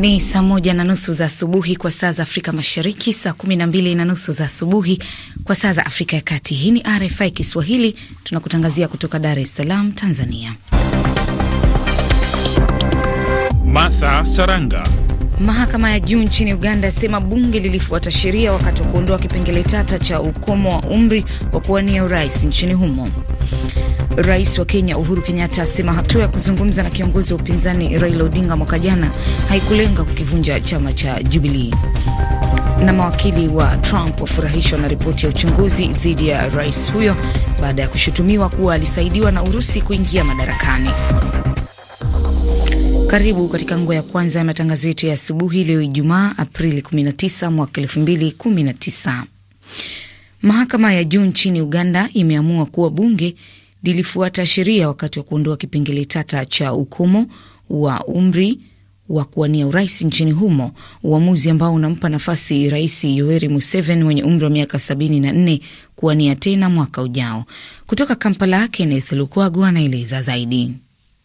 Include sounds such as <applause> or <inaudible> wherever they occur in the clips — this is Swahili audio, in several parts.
Ni saa moja na nusu za asubuhi kwa saa za Afrika Mashariki, saa kumi na mbili na nusu za asubuhi kwa saa za Afrika ya Kati. Hii ni RFI Kiswahili, tunakutangazia kutoka Dar es Salaam, Tanzania. Martha Saranga. Mahakama ya juu nchini Uganda yasema bunge lilifuata sheria wakati wa kuondoa kipengele tata cha ukomo wa umri wa kuwania urais nchini humo. Rais wa Kenya Uhuru Kenyatta asema hatua ya kuzungumza na kiongozi wa upinzani Raila Odinga mwaka jana haikulenga kukivunja chama cha jubilii na mawakili wa Trump wafurahishwa na ripoti ya uchunguzi dhidi ya rais huyo baada ya kushutumiwa kuwa alisaidiwa na Urusi kuingia madarakani. Karibu katika nguo ya kwanza ya matangazo yetu ya asubuhi leo Ijumaa, Aprili 19 mwaka 2019. Mahakama ya juu nchini Uganda imeamua kuwa bunge lilifuata sheria wakati wa kuondoa kipengele tata cha ukomo wa umri wa kuwania urais nchini humo, uamuzi ambao unampa nafasi Rais Yoweri Museveni mwenye umri wa miaka 74 kuwania tena mwaka ujao. Kutoka Kampala, Kenneth Lukwago anaeleza zaidi.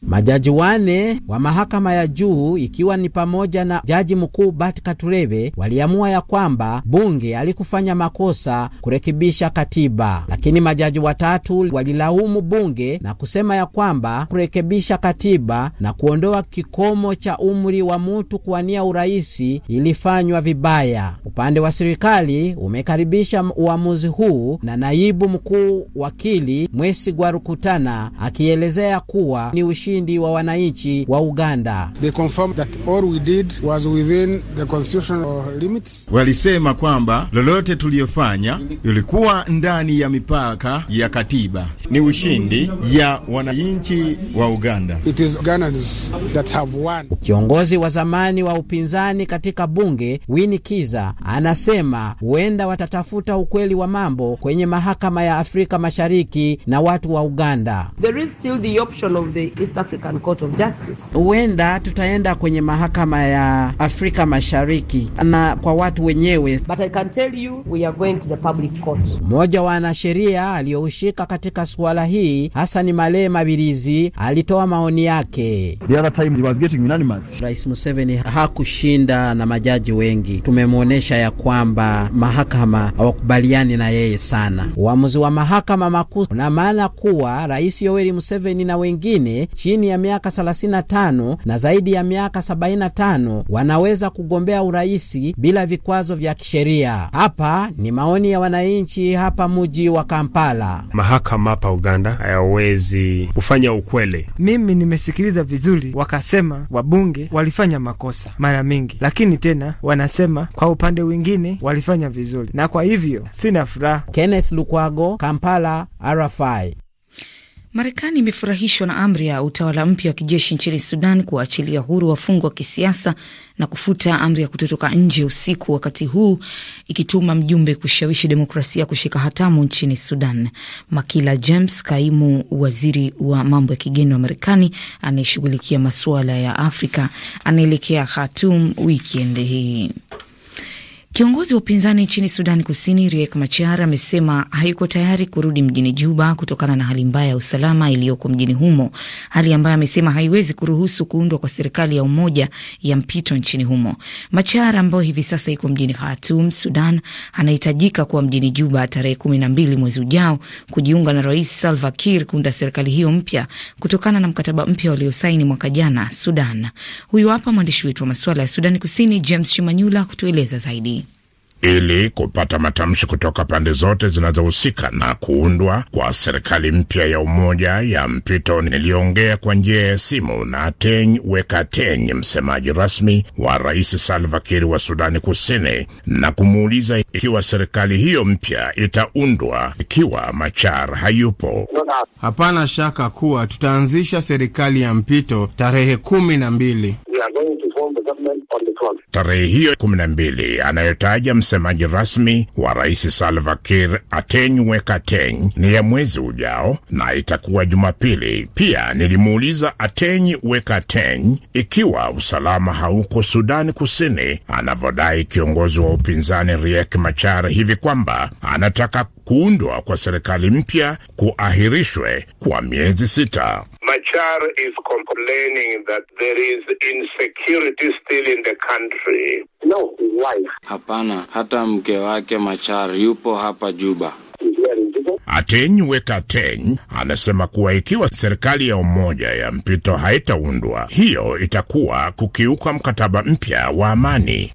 Majaji wane wa mahakama ya juu ikiwa ni pamoja na jaji mkuu Bart Katurebe waliamua ya kwamba bunge alikufanya makosa kurekebisha katiba, lakini majaji watatu walilaumu bunge na kusema ya kwamba kurekebisha katiba na kuondoa kikomo cha umri wa mutu kuwania uraisi ilifanywa vibaya. Upande wa serikali umekaribisha uamuzi huu, na naibu mkuu wakili Mwesigwa Rukutana akielezea kuwa ni ushi ushindi wa wananchi wa Uganda. They confirmed that all we did was within the constitutional limits. Walisema kwamba lolote tuliyofanya ilikuwa ndani ya mipaka ya katiba. Ni ushindi ya wananchi wa Uganda. It is Ugandans that have won. Kiongozi wa zamani wa upinzani katika bunge Winnie Kiza anasema huenda watatafuta ukweli wa mambo kwenye mahakama ya Afrika Mashariki na watu wa Uganda. There is still the option of the East East African Court of Justice. Huenda tutaenda kwenye mahakama ya Afrika Mashariki na kwa watu wenyewe. But I can tell you we are going to the public court. Mmoja wa wanasheria aliyoushika katika suala hii Hassan Male Mabirizi alitoa maoni yake. The other time he was getting unanimous. Rais Museveni hakushinda na majaji wengi, tumemwonyesha ya kwamba mahakama hawakubaliani na yeye sana. Uamuzi wa mahakama makuu una maana kuwa Rais Yoweri Museveni na wengine chini ya miaka 35 na zaidi ya miaka 75 wanaweza kugombea uraisi bila vikwazo vya kisheria. Hapa ni maoni ya wananchi hapa muji wa Kampala. Mahakama hapa Uganda hayawezi kufanya ukweli. Mimi nimesikiliza vizuri, wakasema wabunge walifanya makosa mara mingi, lakini tena wanasema kwa upande wengine walifanya vizuri, na kwa hivyo sina furaha. Kenneth Lukwago, Kampala, RFI. Marekani imefurahishwa na amri ya utawala mpya wa kijeshi nchini Sudan kuwaachilia huru wafungwa wa kisiasa na kufuta amri ya kutotoka nje usiku, wakati huu ikituma mjumbe kushawishi demokrasia kushika hatamu nchini Sudan. Makila James, kaimu waziri wa mambo ya kigeni wa Marekani anayeshughulikia masuala ya Afrika, anaelekea Khartoum wikendi hii. Kiongozi wa upinzani nchini Sudani Kusini Riek Machar amesema hayuko tayari kurudi mjini Juba kutokana na hali mbaya ya usalama iliyoko mjini humo, hali ambayo amesema haiwezi kuruhusu kuundwa kwa serikali ya umoja ya mpito nchini humo. Machar ambayo hivi sasa iko mjini Khartoum, Sudan, anahitajika kuwa mjini Juba tarehe kumi na mbili mwezi ujao kujiunga na Rais Salva Kiir kuunda serikali hiyo mpya kutokana na mkataba mpya waliosaini mwaka jana Sudan. Huyu hapa mwandishi wetu wa masuala ya Sudani Kusini James Shimanyula kutueleza zaidi ili kupata matamshi kutoka pande zote zinazohusika na kuundwa kwa serikali mpya ya umoja ya mpito. Niliongea kwa njia ya simu na Teny teny msemaji rasmi wa Rais Salva Kiir wa Sudani Kusini, na kumuuliza ikiwa serikali hiyo mpya itaundwa ikiwa Machar hayupo. Hapana shaka kuwa tutaanzisha serikali ya mpito tarehe kumi na mbili Tarehe hiyo kumi na mbili anayotaja msemaji rasmi wa rais Salva Kiir Atenywe Kateny ni ya mwezi ujao na itakuwa Jumapili. Pia nilimuuliza Atenywe Kateny ikiwa usalama hauko Sudani Kusini anavyodai kiongozi wa upinzani Riek Machar hivi kwamba anataka kuundwa kwa serikali mpya kuahirishwe kwa miezi sita. Machar is complaining that there is insecurity still in the country. No, wife. Hapana, hata mke wake Machar yupo hapa Juba. Ateny Weka Ateny anasema kuwa ikiwa serikali ya umoja ya mpito haitaundwa, hiyo itakuwa kukiuka mkataba mpya wa amani.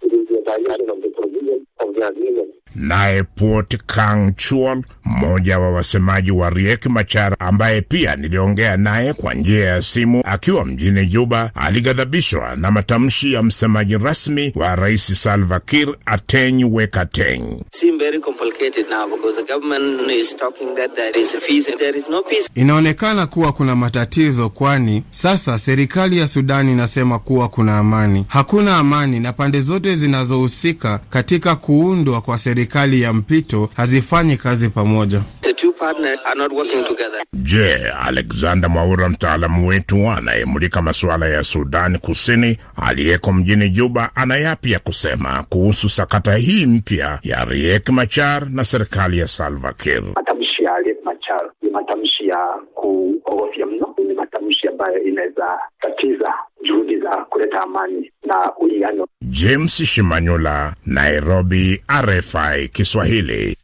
Naye Port Kang Chuol mmoja wa wasemaji wa Riek Machar ambaye pia niliongea naye kwa njia ya simu akiwa mjini Juba alighadhabishwa na matamshi ya msemaji rasmi wa Rais Salva Kiir Ateny Wekateny. inaonekana kuwa kuna matatizo, kwani sasa serikali ya Sudani inasema kuwa kuna amani. Hakuna amani, na pande zote zinazohusika katika kuundwa kwa serikali ya mpito hazifanyi kazi pamoja pamoja. Je, Alexander Mwaura, mtaalamu wetu anayemulika masuala ya Sudani Kusini aliyeko mjini Juba, ana yapi ya kusema kuhusu sakata hii mpya ya Riek Machar na serikali ya Salva Kiir? Matamshi ya Riek Machar ni matamshi ya kuogofya mno, ni matamshi ambayo inaweza tatiza juhudi za kuleta amani na uwiano. James Shimanyula, Nairobi, RFI Kiswahili.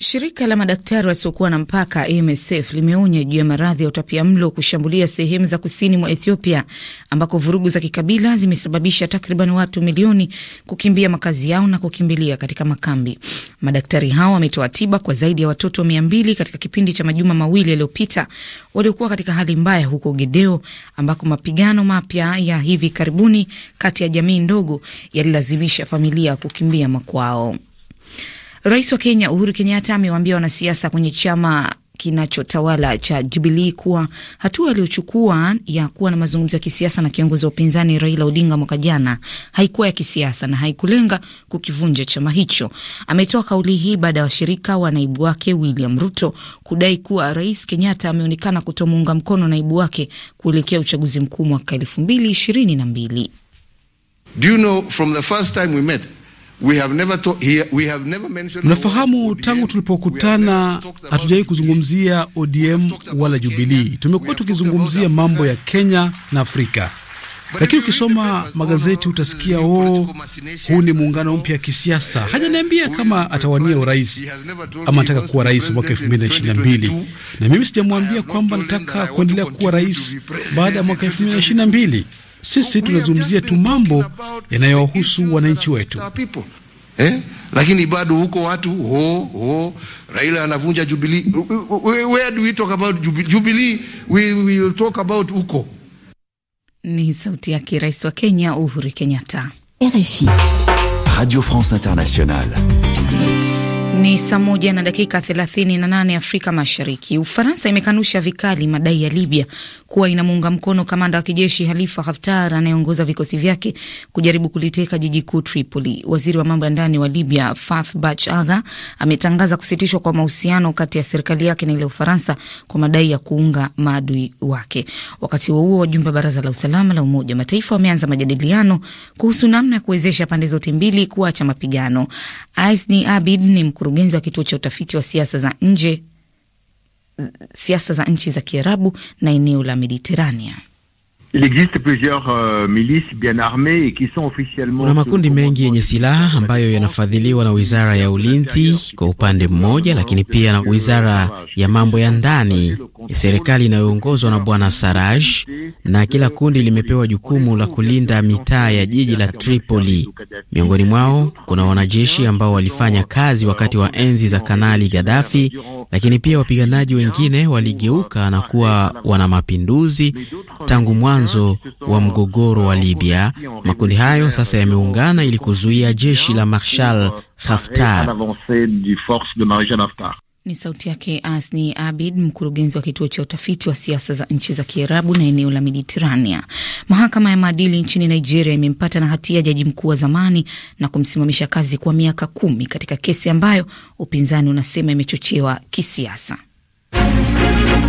Shirika la madaktari wasiokuwa na mpaka MSF limeonya juu ya maradhi ya utapia mlo kushambulia sehemu za kusini mwa Ethiopia ambako vurugu za kikabila zimesababisha takriban watu milioni kukimbia makazi yao na kukimbilia katika makambi. Madaktari hao wametoa tiba kwa zaidi ya watoto mia mbili katika kipindi cha majuma mawili yaliyopita waliokuwa katika hali mbaya huko Gedeo ambako mapigano mapya ya hivi karibuni kati ya jamii ndogo yalilazimisha familia kukimbia makwao. Rais wa Kenya Uhuru Kenyatta amewaambia wanasiasa kwenye chama kinachotawala cha Jubilii kuwa hatua aliyochukua ya kuwa na mazungumzo ya kisiasa na kiongozi wa upinzani Raila Odinga mwaka jana haikuwa ya kisiasa na haikulenga kukivunja chama hicho. Ametoa kauli hii baada ya washirika wa naibu wake William Ruto kudai kuwa Rais Kenyatta ameonekana kutomuunga mkono naibu wake kuelekea uchaguzi mkuu mwaka elfu mbili ishirini na mbili. Mnafahamu, tangu tulipokutana hatujawahi kuzungumzia ODM wala Jubilii. Tumekuwa tukizungumzia mambo ya Kenya na Afrika, lakini ukisoma magazeti utasikia oh, huu ni muungano mpya wa kisiasa. Eh, Hajaniambia kama atawania urais ama anataka kuwa rais mwaka elfu mbili na ishirini na mbili na mimi sijamwambia kwamba nataka kuendelea kuwa rais baada ya mwaka elfu mbili na ishirini na mbili. Sisi tunazungumzia tu mambo yanayohusu wananchi wetu eh? Lakini bado huko watu ho ho, Raila anavunja Jubilee. Where do we talk about Jubilee? We will talk about huko. Ni sauti yake Rais wa Kenya Uhuru Kenyatta, RFI Radio France Internationale. Ni saa moja na dakika 38 Afrika Mashariki. Ufaransa imekanusha vikali madai ya Libya kuwa inamuunga mkono kamanda wa kijeshi Halifa Haftar anayeongoza vikosi vyake kujaribu kuliteka jiji kuu Tripoli. Waziri wa mambo ya ndani wa Libya Fath Bach Agha ametangaza kusitishwa kwa mahusiano kati ya serikali yake na ile Ufaransa kwa madai ya kuunga maadui wake. Wakati huo huo, wajumbe wa Baraza la Usalama la Umoja wa Mataifa wameanza majadiliano kuhusu namna ya kuwezesha pande zote mbili kuacha mapigano. Aisni Abid ni mkuru mkurugenzi wa kituo cha utafiti wa siasa za nje, siasa za nchi za Kiarabu na eneo la Mediterania. Il existe plusieurs uh, milices bien armées et qui sont officiellement. Kuna makundi mengi yenye silaha ambayo yanafadhiliwa na Wizara ya Ulinzi kwa upande mmoja, lakini pia na Wizara ya Mambo ya Ndani ya serikali inayoongozwa na Bwana Saraj, na kila kundi limepewa jukumu la kulinda mitaa ya jiji la Tripoli. Miongoni mwao kuna wanajeshi ambao walifanya kazi wakati wa enzi za Kanali Gaddafi, lakini pia wapiganaji wengine waligeuka na kuwa wana mapinduzi tangu mwanzo mwanzo wa mgogoro wa Libya. Makundi hayo sasa yameungana ili kuzuia jeshi la Marshal Haftar. Ni sauti yake Asni Abid, mkurugenzi wa kituo cha utafiti wa siasa za nchi za Kiarabu na eneo la Mediterania. Mahakama ya maadili nchini Nigeria imempata na hatia jaji mkuu wa zamani na kumsimamisha kazi kwa miaka kumi katika kesi ambayo upinzani unasema imechochewa kisiasa.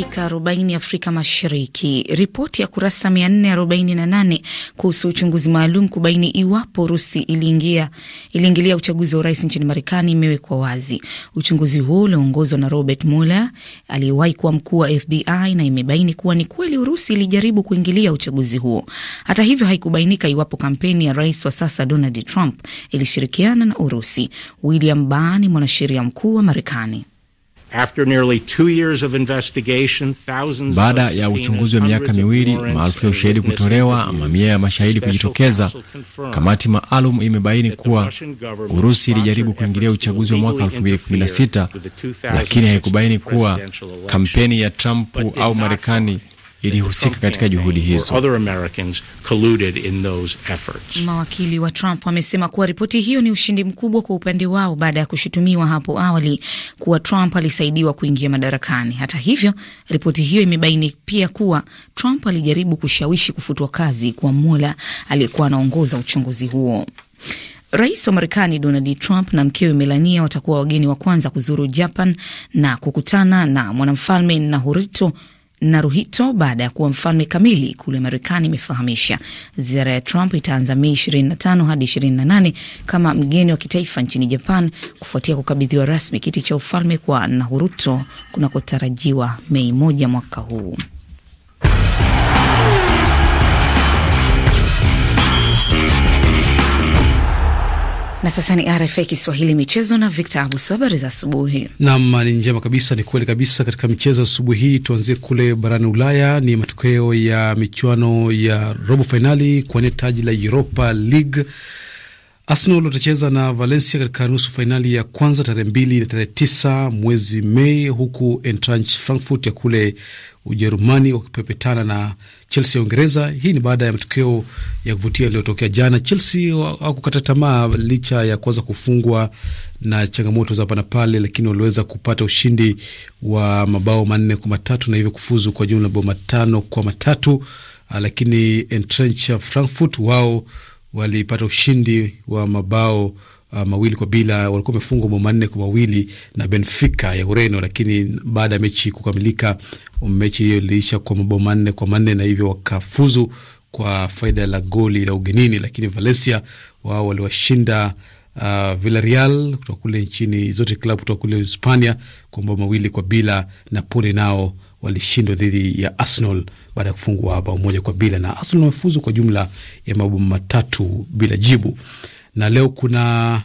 dakika 40 Afrika Mashariki. Ripoti ya kurasa 448 kuhusu uchunguzi maalum kubaini iwapo Urusi iliingia iliingilia uchaguzi wa urais nchini Marekani imewekwa wazi. Uchunguzi huo ulioongozwa na Robert Mueller aliyewahi kuwa mkuu wa FBI na imebaini kuwa ni kweli Urusi ilijaribu kuingilia uchaguzi huo. Hata hivyo, haikubainika iwapo kampeni ya rais wa sasa Donald Trump ilishirikiana na Urusi. William Barr ni mwanasheria mkuu wa Marekani. Baada ya uchunguzi wa miaka miwili, maarufu ya ushahidi kutolewa, mamia ya mashahidi kujitokeza, kamati maalum imebaini kuwa Urusi ilijaribu kuingilia uchaguzi wa mwaka 2016 lakini haikubaini kuwa kampeni ya Trump au Marekani ilihusika katika juhudi hizo. Mawakili wa Trump wamesema kuwa ripoti hiyo ni ushindi mkubwa kwa upande wao baada ya kushutumiwa hapo awali kuwa Trump alisaidiwa kuingia madarakani. Hata hivyo, ripoti hiyo imebaini pia kuwa Trump alijaribu kushawishi kufutwa kazi kwa Mueller aliyekuwa anaongoza uchunguzi huo. Rais wa Marekani Donald Trump na mkewe Melania watakuwa wageni wa kwanza kuzuru Japan na kukutana na mwanamfalme Naruhito Naruhito baada ya kuwa mfalme kamili kule Marekani imefahamisha ziara ya Trump itaanza Mei 25 hadi 28 kama mgeni wa kitaifa nchini Japan kufuatia kukabidhiwa rasmi kiti cha ufalme kwa Naruhito kunakotarajiwa Mei moja mwaka huu. Na sasa ni RFA Kiswahili michezo na Victor Abuso. Habari za asubuhi. Naam, ni njema kabisa, ni kweli kabisa. Katika michezo asubuhi hii tuanzie kule barani Ulaya, ni matokeo ya michuano ya robo fainali kuwania taji la Europa League. Arsenal watacheza na Valencia katika nusu fainali ya kwanza tarehe mbili na tarehe tisa mwezi Mei, huku Eintracht Frankfurt ya kule Ujerumani wakipepetana na Chelsea ya Uingereza. Hii ni baada ya matokeo ya kuvutia yaliyotokea jana. Chelsea hawakukata tamaa licha ya kuweza kufungwa na changamoto za hapa na pale, lakini waliweza kupata ushindi wa mabao manne kwa matatu na hivyo kufuzu kwa jumla mabao matano kwa matatu. Ah, lakini Eintracht Frankfurt wao walipata ushindi wa mabao uh, mawili kwa bila. Walikuwa wamefungwa mabao manne kwa mawili na Benfica ya Ureno, lakini baada ya mechi kukamilika, mechi hiyo iliisha kwa mabao manne kwa manne na hivyo wakafuzu kwa faida la goli la ugenini. Lakini Valencia wao waliwashinda Uh, Villarreal kutoka kule nchini, zote klabu kutoka kule Hispania kwa mabao mawili kwa bila. Napoli nao walishindwa dhidi ya Arsenal baada ya kufungwa bao moja kwa bila, na Arsenal wamefuzu kwa jumla ya mabao matatu bila jibu na leo kuna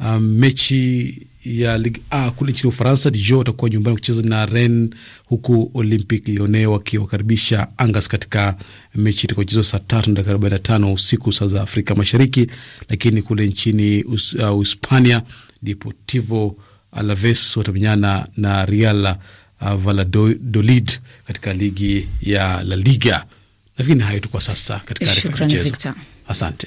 um, mechi ya Ligue A kule nchini Ufaransa. Dijon watakuwa nyumbani kucheza na Rennes, huku Olympic Lyonnais wakiwakaribisha Angers katika mechi itakaochezwa saa tatu dakika arobaini na tano usiku saa za Afrika Mashariki. Lakini kule nchini Hispania, uh, Deportivo Alaves watamenyana na Real uh, Valladolid katika ligi ya La Liga. Nafikiri ni hayo tu kwa sasa katika arifa ya michezo. Asante.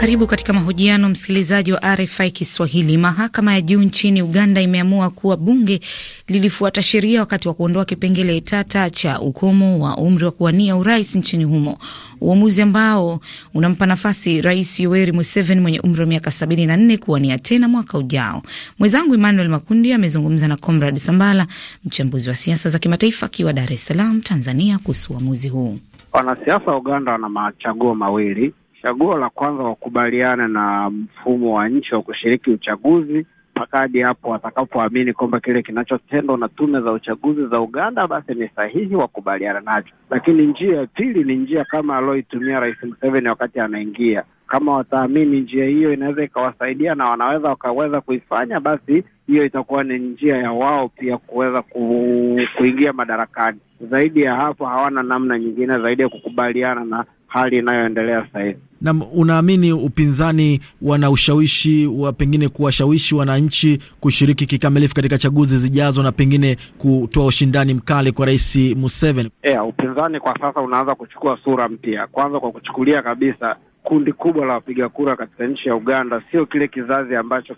Karibu katika mahojiano msikilizaji wa RFI Kiswahili. Mahakama ya juu nchini Uganda imeamua kuwa bunge lilifuata sheria wakati wa kuondoa kipengele tata cha ukomo wa umri wa kuwania urais nchini humo, uamuzi ambao unampa nafasi Rais Yoweri Museveni mwenye umri wa miaka 74 kuwania tena mwaka ujao. Mwenzangu Emmanuel Makundi amezungumza na Comrad Sambala, mchambuzi wa siasa za kimataifa, akiwa Dar es Salaam, Tanzania, kuhusu uamuzi huu. Wanasiasa wa Uganda wana machaguo mawili Chaguo la kwanza wakubaliana na mfumo wa nchi wa kushiriki uchaguzi mpaka hadi hapo watakapoamini kwamba kile kinachotendwa na tume za uchaguzi za Uganda basi ni sahihi, wakubaliana nacho. Lakini njia ya pili ni njia kama aliyoitumia Rais Museveni wakati anaingia. Kama wataamini njia hiyo inaweza ikawasaidia na wanaweza wakaweza kuifanya, basi hiyo itakuwa ni njia ya wao pia kuweza ku, kuingia madarakani. Zaidi ya hapo hawana namna nyingine zaidi ya kukubaliana na hali inayoendelea sasa hivi. Na unaamini upinzani wana ushawishi wa pengine kuwashawishi wananchi kushiriki kikamilifu katika chaguzi zijazo na pengine kutoa ushindani mkali kwa Rais Museveni? Yeah, upinzani kwa sasa unaanza kuchukua sura mpya, kwanza kwa kuchukulia kabisa kundi kubwa la wapiga kura katika nchi ya Uganda sio kile kizazi ambacho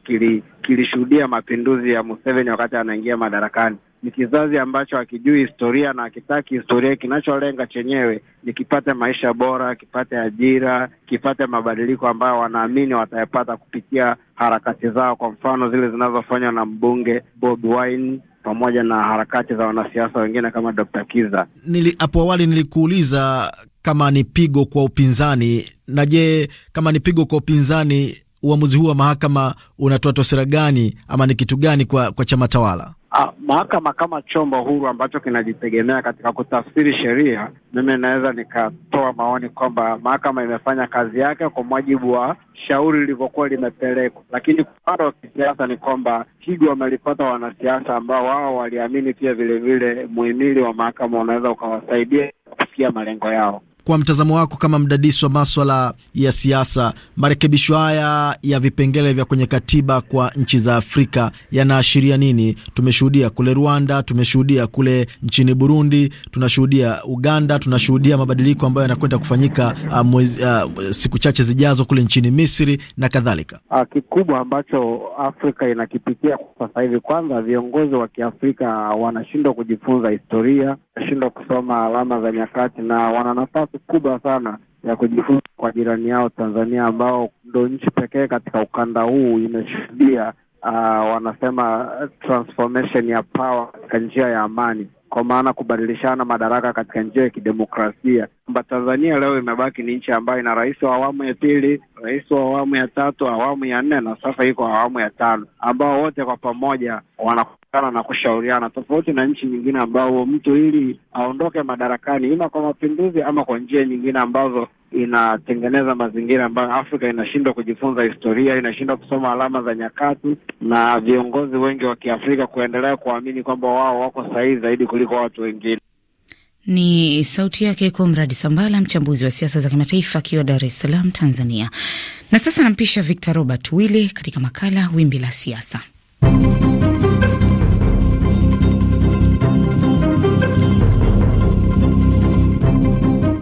kilishuhudia kili mapinduzi ya Museveni wakati anaingia madarakani ni kizazi ambacho hakijui historia na hakitaki historia, kinacholenga chenyewe ni kipate maisha bora, kipate ajira, kipate mabadiliko ambayo wanaamini watayapata kupitia harakati zao, kwa mfano zile zinazofanywa na mbunge Bob Wine pamoja na harakati za wanasiasa wengine kama Dr. Kiza. Nili, hapo awali nilikuuliza kama ni pigo kwa upinzani, na je, kama ni pigo kwa upinzani uamuzi huu wa mahakama unatoa tosera gani ama ni kitu gani kwa, kwa chama tawala? Ah, mahakama kama chombo huru ambacho kinajitegemea katika kutafsiri sheria, mimi naweza nikatoa maoni kwamba mahakama imefanya kazi yake kwa mujibu wa shauri lilivyokuwa limepelekwa, lakini upande wa kisiasa ni kwamba pigo wamelipata wanasiasa ambao wao waliamini pia vilevile muhimili wa mahakama unaweza ukawasaidia kufikia malengo yao kwa mtazamo wako kama mdadisi wa maswala ya siasa, marekebisho haya ya vipengele vya kwenye katiba kwa nchi za Afrika yanaashiria nini? Tumeshuhudia kule Rwanda, tumeshuhudia kule nchini Burundi, tunashuhudia Uganda, tunashuhudia mabadiliko ambayo yanakwenda kufanyika uh, mwezi, uh, siku chache zijazo kule nchini Misri na kadhalika. Ah, kikubwa ambacho Afrika inakipitia kwa sasa hivi, kwanza viongozi wa Kiafrika wanashindwa kujifunza historia, wanashindwa kusoma alama za nyakati na wana nafasi kubwa sana ya kujifunza kwa jirani yao Tanzania, ambao ndo nchi pekee katika ukanda huu imeshuhudia uh, wanasema transformation ya power katika njia ya amani, kwa maana kubadilishana madaraka katika njia ya kidemokrasia, kwamba Tanzania leo imebaki ni nchi ambayo ina rais wa awamu ya pili, rais wa awamu ya tatu, awamu ya nne na sasa iko awamu ya tano, ambao wote kwa pamoja wana kana na kushauriana, tofauti na nchi nyingine ambao mtu ili aondoke madarakani, ima kwa mapinduzi ama kwa njia nyingine ambazo inatengeneza mazingira ambayo Afrika inashindwa kujifunza historia, inashindwa kusoma alama za nyakati, na viongozi wengi wa Kiafrika kuendelea kuamini kwamba wao wako sahihi zaidi kuliko watu wengine. Ni sauti yake Comradi Sambala, mchambuzi wa siasa za kimataifa akiwa Dar es Salaam, Tanzania. Na sasa nampisha Victor Robert Wille katika makala Wimbi la Siasa.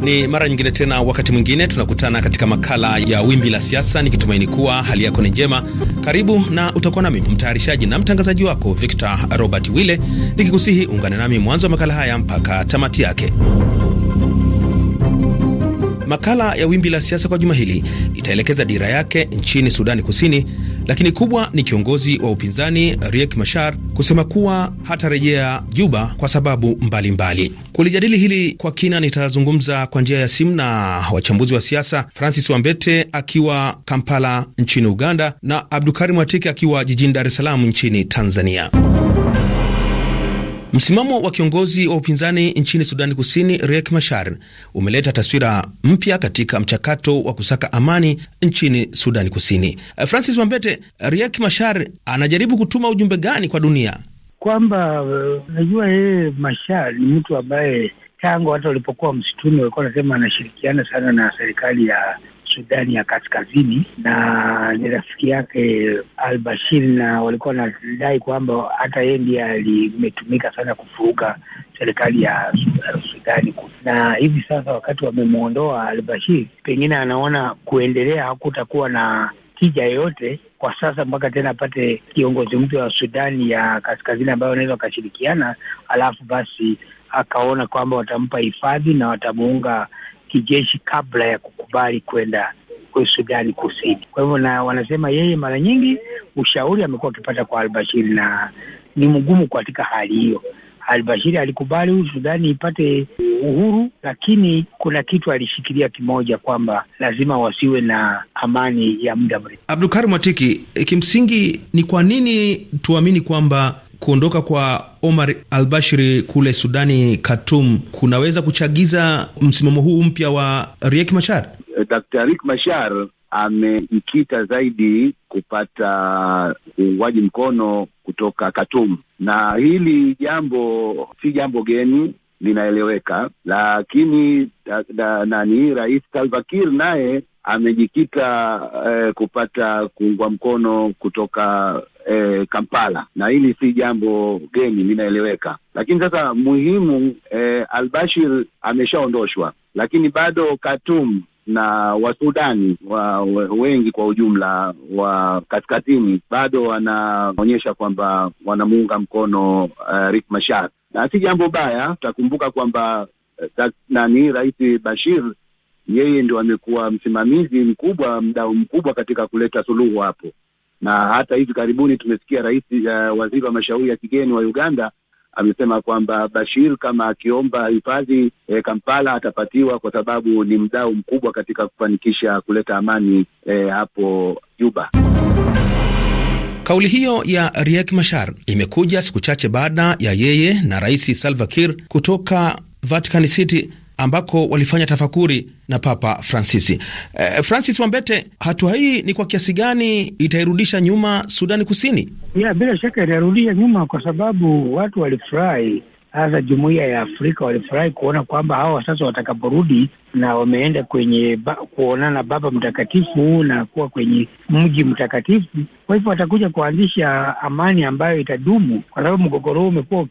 Ni mara nyingine tena, wakati mwingine tunakutana katika makala ya Wimbi la Siasa, nikitumaini kuwa hali yako ni njema. Karibu na utakuwa nami mtayarishaji na mtangazaji wako Victor Robert Wille, nikikusihi ungane nami mwanzo wa makala haya mpaka tamati yake. Makala ya Wimbi la Siasa kwa juma hili itaelekeza dira yake nchini Sudani Kusini, lakini kubwa ni kiongozi wa upinzani Riek Machar kusema kuwa hatarejea Juba kwa sababu mbalimbali. Kulijadili hili kwa kina, nitazungumza kwa njia ya simu na wachambuzi wa siasa, Francis Wambete akiwa Kampala nchini Uganda na abdukarim watike akiwa jijini Dar es Salaam nchini Tanzania. Msimamo wa kiongozi wa upinzani nchini Sudani Kusini Riek Machar umeleta taswira mpya katika mchakato wa kusaka amani nchini Sudani Kusini. Francis Wambete, Riek Machar anajaribu kutuma ujumbe gani kwa dunia? Kwamba uh, unajua, yeye Machar ni mtu ambaye tangu hata walipokuwa msituni walikuwa wanasema anashirikiana sana na serikali ya Sudani ya Kaskazini na ni rafiki yake al-Bashir, na walikuwa wanadai kwamba hata yeye ndiye alimetumika sana kufuruga serikali ya Sudani. Na hivi sasa wakati wamemwondoa al-Bashir, pengine anaona kuendelea hakutakuwa na tija yoyote kwa sasa mpaka tena apate kiongozi mpya wa Sudani ya Kaskazini ambayo wanaweza wakashirikiana, alafu basi akaona kwamba watampa hifadhi na watamuunga kijeshi kabla ya kukubali kwenda Sudani Kusini. Kwa hivyo na wanasema yeye mara nyingi ushauri amekuwa akipata kwa Albashiri na ni mgumu katika hali hiyo. Albashiri alikubali huu Sudani ipate uhuru, lakini kuna kitu alishikilia kimoja, kwamba lazima wasiwe na amani ya muda mrefu. Abdulkarim mwatiki kimsingi ni kwa nini tuamini kwamba kuondoka kwa Omar al bashiri kule Sudani Khartoum kunaweza kuchagiza msimamo huu mpya wa Riek Machar? Eh, Dr. Riek Machar amejikita zaidi kupata uungwaji mkono kutoka Khartoum, na hili jambo si jambo geni linaeleweka, lakini da, da, nani Rais Salva Kiir naye amejikita eh, kupata kuungwa mkono kutoka eh, Kampala, na hili si jambo geni, linaeleweka. Lakini sasa muhimu eh, Albashir ameshaondoshwa, lakini bado Khartoum na Wasudani wa wengi kwa ujumla wa kaskazini bado wanaonyesha kwamba wanamuunga mkono uh, Riek Machar na si jambo baya. Tutakumbuka kwamba eh, nani, Rais Bashir yeye ndio amekuwa msimamizi mkubwa, mdau mkubwa katika kuleta suluhu hapo, na hata hivi karibuni tumesikia rais, uh, waziri wa mashauri ya kigeni wa Uganda amesema kwamba Bashir kama akiomba hifadhi e, Kampala atapatiwa kwa sababu ni mdau mkubwa katika kufanikisha kuleta amani e, hapo Juba. Kauli hiyo ya Riek Machar imekuja siku chache baada ya yeye na Rais Salva Kiir kutoka Vatican City ambako walifanya tafakuri na Papa Francis. Eh, Francis Wambete, hatua hii ni kwa kiasi gani itairudisha nyuma Sudani Kusini? Ya, bila shaka itairudisha nyuma kwa sababu watu walifurahi sasa jumuiya ya Afrika walifurahi kuona kwamba hawa sasa watakaporudi na wameenda kwenye ba, kuonana Baba Mtakatifu na kuwa kwenye mji mtakatifu, kwa hivyo watakuja kuanzisha amani ambayo itadumu, kwa sababu mgogoro huu umekuwa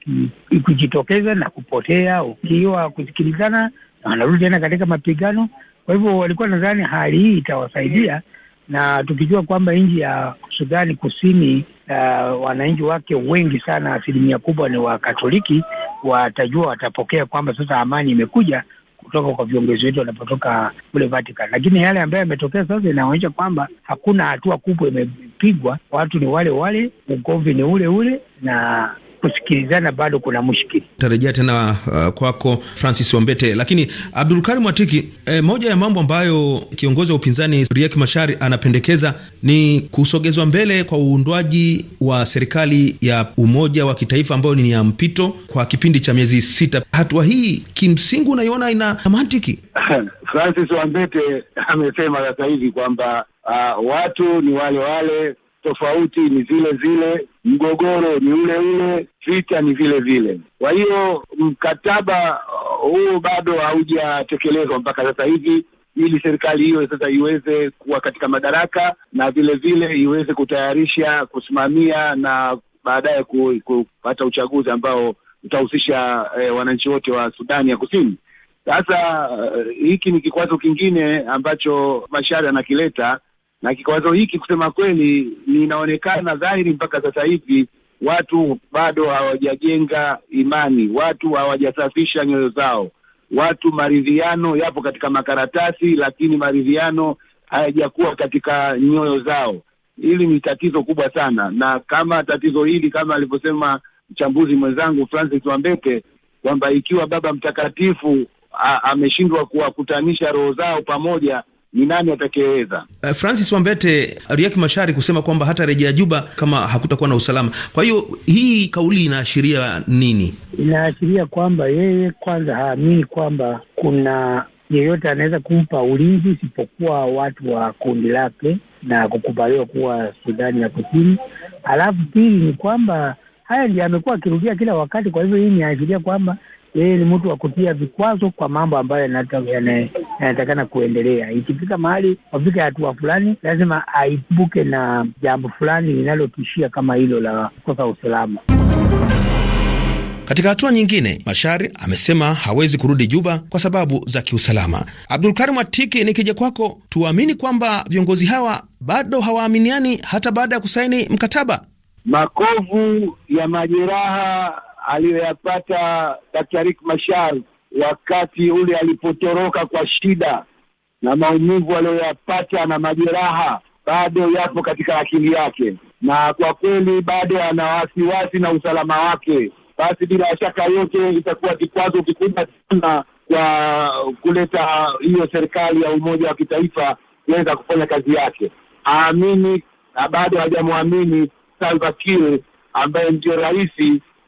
ukijitokeza na kupotea ukiwa kusikilizana na wanarudi tena katika mapigano. Kwa hivyo walikuwa nadhani hali hii itawasaidia, na tukijua kwamba nchi ya Sudani Kusini uh, wananchi wake wengi sana, asilimia kubwa ni Wakatoliki, watajua watapokea kwamba sasa amani imekuja kutoka kwa viongozi wetu wanapotoka kule Vatican. Lakini yale ambayo yametokea sasa inaonyesha kwamba hakuna hatua kubwa imepigwa, watu ni wale wale, ugomvi ni ule ule na kusikilizana bado kuna mushkili. Tarejea tena uh, kwako Francis Wambete, lakini Abdulkarim Watiki, eh, moja ya mambo ambayo kiongozi wa upinzani Riek Machar anapendekeza ni kusogezwa mbele kwa uundwaji wa serikali ya umoja wa kitaifa ambayo ni ya mpito kwa kipindi cha miezi sita. Hatua hii kimsingi unaiona ina mantiki? <laughs> Francis Wambete amesema sasa hivi kwamba uh, watu ni wale wale, tofauti ni zile zile mgogoro ni ule ule, vita ni vile vile. Kwa hiyo mkataba uh, huu bado haujatekelezwa mpaka sasa hivi ili serikali hiyo sasa iweze kuwa katika madaraka na vile vile iweze kutayarisha, kusimamia na baadaye kupata uchaguzi ambao utahusisha eh, wananchi wote wa Sudani ya Kusini. Sasa uh, hiki ni kikwazo kingine ambacho Mashari anakileta na kikwazo hiki kusema kweli ninaonekana dhahiri mpaka sasa hivi watu bado hawajajenga imani, watu hawajasafisha nyoyo zao. Watu maridhiano yapo katika makaratasi, lakini maridhiano hayajakuwa katika nyoyo zao. Hili ni tatizo kubwa sana, na kama tatizo hili kama alivyosema mchambuzi mwenzangu Francis wambete kwamba ikiwa Baba Mtakatifu ameshindwa kuwakutanisha roho zao pamoja ni nani atakayeweza? Eh, Francis Wambete, Riek Mashari kusema kwamba hata rejea Juba kama hakutakuwa na usalama. Kwa hiyo hii kauli inaashiria nini? Inaashiria kwamba yeye kwanza haamini kwamba kuna yeyote anaweza kumpa ulinzi isipokuwa watu wa kundi lake na kukubaliwa kuwa Sudani ya Kusini. Alafu pili ni kwamba haya ndio amekuwa akirudia kila wakati, kwa hivyo hii inaashiria kwamba yeye ni mtu wa kutia vikwazo kwa mambo ambayo yanatakana kuendelea. Ikifika mahali wafika hatua fulani, lazima aibuke na jambo fulani linalotishia kama hilo la kukosa usalama. Katika hatua nyingine, mashari amesema hawezi kurudi Juba kwa sababu za kiusalama. Karim Atiki, nikija kwako, tuamini kwamba viongozi hawa bado hawaaminiani hata baada ya kusaini mkataba. Makovu ya majeraha aliyoyapata Daktarik Mashar wakati ule alipotoroka kwa shida na maumivu aliyoyapata na majeraha bado yapo katika akili yake, na kwa kweli bado ana wasiwasi na usalama wake. Basi bila shaka yote itakuwa kikwazo kikubwa sana kwa kuleta hiyo serikali ya umoja wa kitaifa kuweza kufanya kazi yake. Aamini na bado hajamwamini Salva Kiir ambaye ndio rais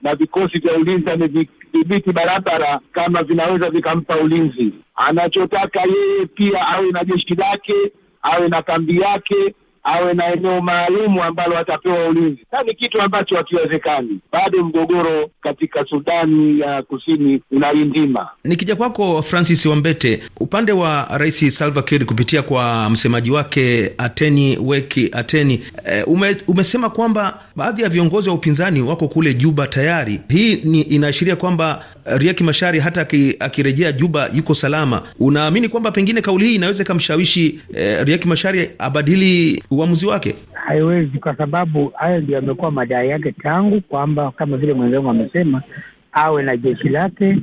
na vikosi vya ulinzi amedhibiti barabara, kama vinaweza vikampa ulinzi anachotaka yeye. Pia awe na jeshi lake, awe na kambi yake, awe na eneo maalumu ambalo atapewa ulinzi, na ni kitu ambacho hakiwezekani. Bado mgogoro katika Sudani ya Kusini unaindima. Nikija kwako Francis Wambete, upande wa Rais Salva Kiir kupitia kwa msemaji wake Ateni Weki Ateni, e, ume, umesema kwamba baadhi ya viongozi wa upinzani wako kule Juba tayari. Hii ni inaashiria kwamba eh, Rieki Mashari hata akirejea Juba yuko salama. Unaamini kwamba pengine kauli hii inaweza ikamshawishi e, eh, Rieki Mashari abadili uamuzi wake? Haiwezi, kwa sababu hayo ndio yamekuwa madai yake tangu, kwamba kama vile mwenzangu amesema, awe na jeshi lake,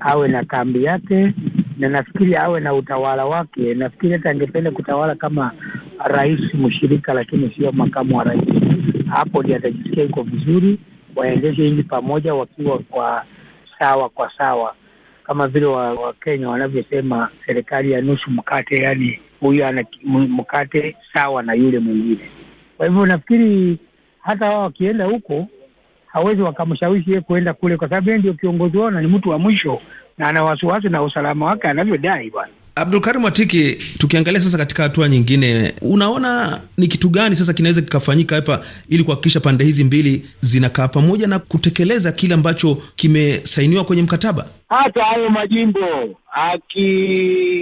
awe na kambi yake, na nafikiri awe na utawala wake. Nafikiri hata angependa kutawala kama rais mshirika, lakini sio makamu wa rais. Hapo ndio atajisikia iko vizuri, waendeshe nchi pamoja, wakiwa kwa sawa kwa sawa, kama vile Wakenya wa wanavyosema serikali ya nusu mkate, yani huyu ana mkate sawa na yule mwingine. Kwa hivyo nafikiri hata wao wakienda huko hawezi wakamshawishi yeye kuenda kule, kwa sababu yeye ndio kiongozi wao na ni mtu wa mwisho na ana wasiwasi na usalama wake anavyodai bwana. Abdulkarim Watiki, tukiangalia sasa katika hatua nyingine, unaona ni kitu gani sasa kinaweza kikafanyika hapa ili kuhakikisha pande hizi mbili zinakaa pamoja na kutekeleza kile ambacho kimesainiwa kwenye mkataba? Hata hayo majimbo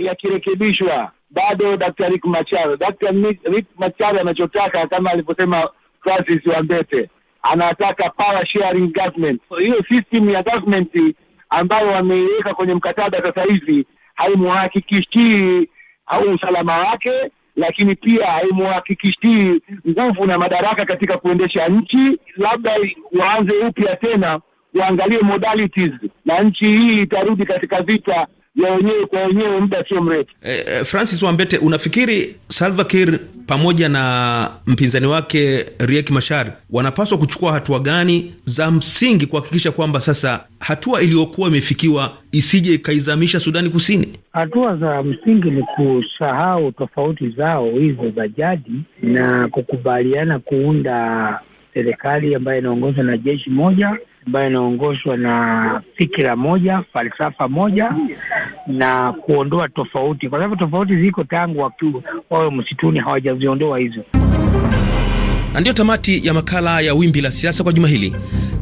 yakirekebishwa, bado Daktari Rick Macharo. Dr. Rick Macharo anachotaka kama alivyosema Francis Wambete, anataka power sharing government. So, hiyo system ya government ambayo wameiweka kwenye mkataba sasa hivi haimuhakikishii au usalama wake, lakini pia haimuhakikishii nguvu na madaraka katika kuendesha nchi. Labda waanze upya tena, waangalie modalities, na nchi hii itarudi katika vita ya wenyewe kwa wenyewe muda sio mrefu. Eh, eh, Francis Wambete, unafikiri Salva Kiir pamoja na mpinzani wake Riek Machar wanapaswa kuchukua hatua gani za msingi kuhakikisha kwamba sasa hatua iliyokuwa imefikiwa isije ikaizamisha Sudani Kusini? Hatua za msingi ni kusahau tofauti zao hizo za jadi na kukubaliana kuunda serikali ambayo inaongozwa na jeshi moja ambayo inaongoshwa na fikira moja, falsafa moja, na kuondoa tofauti, kwa sababu tofauti ziko tangu wakiwa wawe msituni, hawajaziondoa hizo. Na ndiyo tamati ya makala ya Wimbi la Siasa kwa juma hili.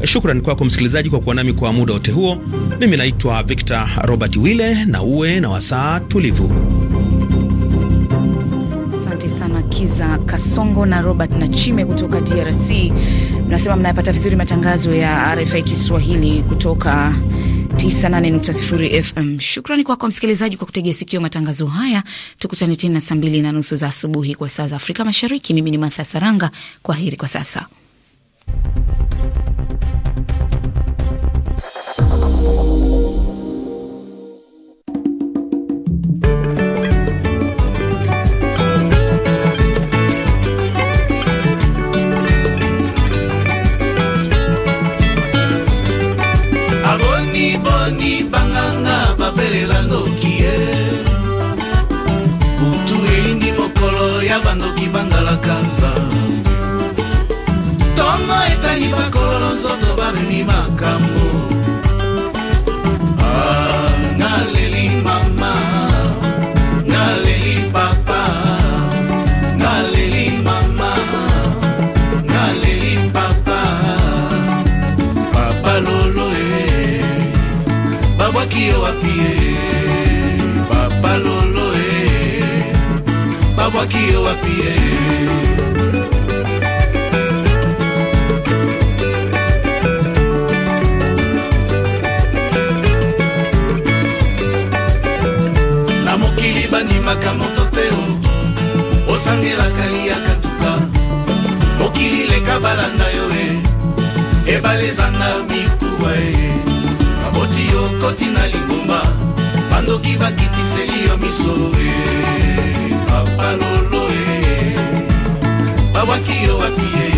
Shukrani kwako msikilizaji kwa kuwa nami kwa muda wote huo. Mimi naitwa Victor Robert Wille, na uwe na wasaa tulivu za Kasongo na Robert Nachime kutoka DRC. Mnasema mnayapata vizuri matangazo ya RFI Kiswahili kutoka 98.0 FM. Shukrani kwako kwa msikilizaji kwa kutegea sikio matangazo haya. Tukutane tena saa mbili na nusu za asubuhi kwa saa za Afrika Mashariki. Mimi ni Martha Saranga, kwa heri kwa sasa. ye papa lolo e babwaki yo wapi ye na mokili bandimaka moto te osangelaka liyaka tuka mokili leka balanda yo e ebale ezanga mikuwa e baboti yo koti na li soki bakitiseli yo miso e papa lolo e babwaki yo wapi e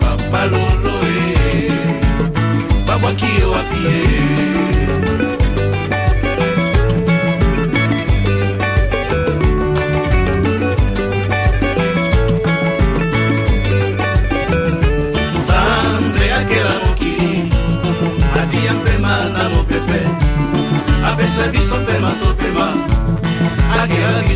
papa lolo e babwaki yo wapi e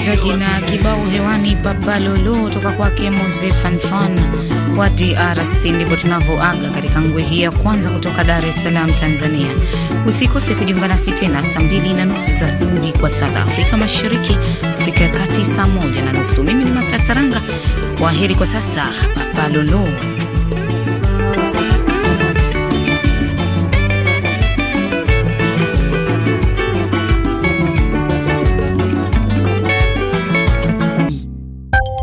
msikilizaji, na kibao hewani Lolo toka kwake Mose Fanfan wa DRC. Ndipo tunavyoaga katika ngwe hii ya kwanza kutoka Dar es Salaam, Tanzania. Usikose kujiunga nasi tena saa mbili na nusu za asubuhi kwa saa za Afrika Mashariki, Afrika ya Kati saa moja na nusu. Mimi ni Makasaranga, kwaheri kwa sasa, papalolo.